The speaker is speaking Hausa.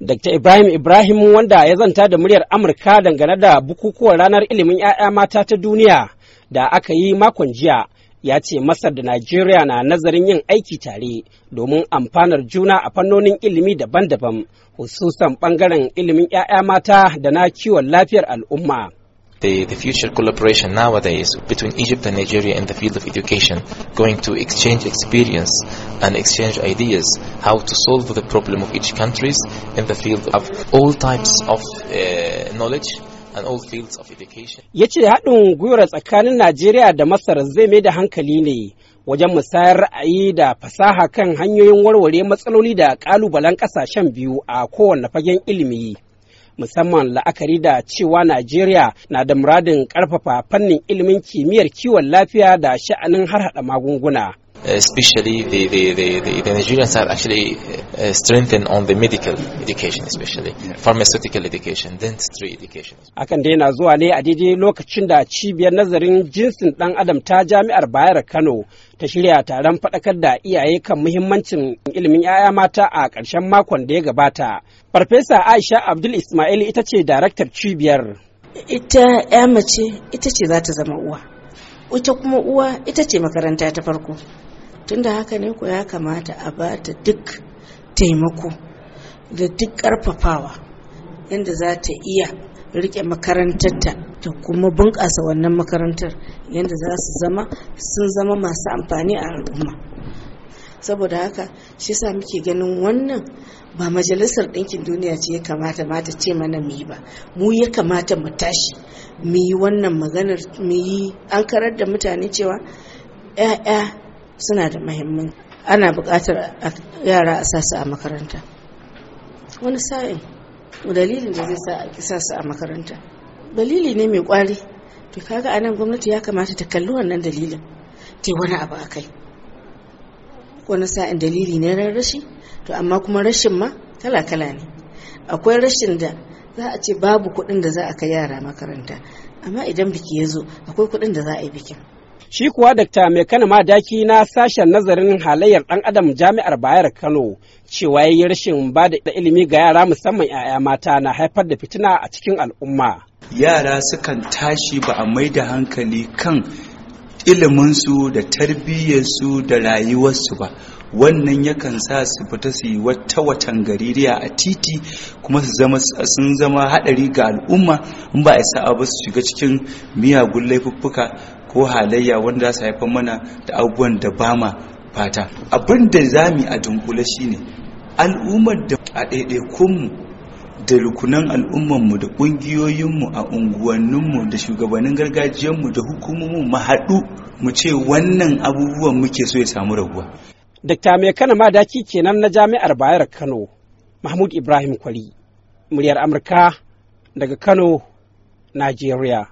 Dr. Ibrahim Ibrahim wanda ya zanta da muryar Amurka dangane da bukukuwan ranar ilimin 'ya'ya mata ta duniya da aka yi makon jiya ya ce Masar da Najeriya na nazarin yin aiki tare domin amfanar juna a fannonin ilimi daban-daban, hususan ɓangaren ilimin 'ya'ya mata da na kiwon lafiyar al'umma. the, the future collaboration nowadays between Egypt and Nigeria in the field of education, going to exchange experience and exchange ideas how to solve the problem of each countries in the field of all types of uh, knowledge. of education. Ya ce haɗin gwiwar tsakanin Najeriya da Masar zai mai da hankali ne wajen musayar ra'ayi da fasaha kan hanyoyin warware matsaloli da ƙalubalen ƙasashen biyu a kowane fagen ilimi. musamman la'akari da cewa Najeriya na da muradin ƙarfafa fannin ilimin kimiyyar kiwon lafiya da sha'anin harhaɗa magunguna. Uh, especially the, the, the, the, Nigerian side actually uh, uh strengthen on the medical education especially pharmaceutical education dentistry education akan na zuwa ne a daidai lokacin da cibiyar nazarin jinsin dan adam ta jami'ar bayar kano ta shirya taron faɗakar da iyaye kan muhimmancin ilimin 'ya'ya mata a ƙarshen makon da ya gabata farfesa aisha abdul ismail ita ce daraktar cibiyar ita 'ya mace ita ce za ta zama uwa ita kuma uwa ita ce makaranta ta farko tunda haka ne ko ya kamata a ba ta duk taimako da duk karfafawa yadda za ta iya rike makarantarta ta kuma bunƙasa wannan makarantar yadda za su zama sun zama masu amfani a al'umma saboda haka shi sa muke ganin wannan ba majalisar ɗinkin duniya ce ya kamata mata ce mana mu yi ba mu ya kamata mu tashi mu yi wannan maganar mu yi an karar da mutane cewa 'ya'ya suna da muhimmin ana buƙatar yara a sasu a makaranta wani sa'in dalilin da zai sa a kisa su a makaranta dalili ne mai kwari to kaga anan gwamnati ya kamata ta kalli wannan dalilin ta wani abu a kai wani sa'in dalili ne na rashi to amma kuma rashin ma kala-kala ne akwai rashin da za a ce babu kuɗin da za a kai yara makaranta amma idan biki ya zo akwai kuɗin da za a yi bikin Shi kuwa Dr. Mekana Madaki na sashen nazarin halayyar ɗan adam jami'ar Bayar Kano cewa yayi rashin ba da ilimi ga yara musamman 'ya'ya mata na haifar da fitina a cikin al'umma. Yara sukan tashi ba a mai da hankali kan iliminsu da tarbiyyarsu da rayuwarsu ba. wannan yakan sa su fita su yi wata watan gaririya a titi kuma su zama sun zama haɗari ga al'umma in ba a sa ba su shiga cikin miyagun laifuffuka ko halayya wanda za su haifar mana da abubuwan da ba ma fata abin da za mu a dunkule ne, al'ummar da a ɗaiɗaikunmu da rukunan al'ummarmu da ƙungiyoyinmu a unguwanninmu da shugabannin gargajiyarmu, da hukumomin mu haɗu mu ce wannan abubuwan muke so ya samu raguwa. Dakta mai kana madaki kenan na jami'ar Bayar Kano, Mahmud Ibrahim Kwari, muryar Amurka daga Kano, Najeriya.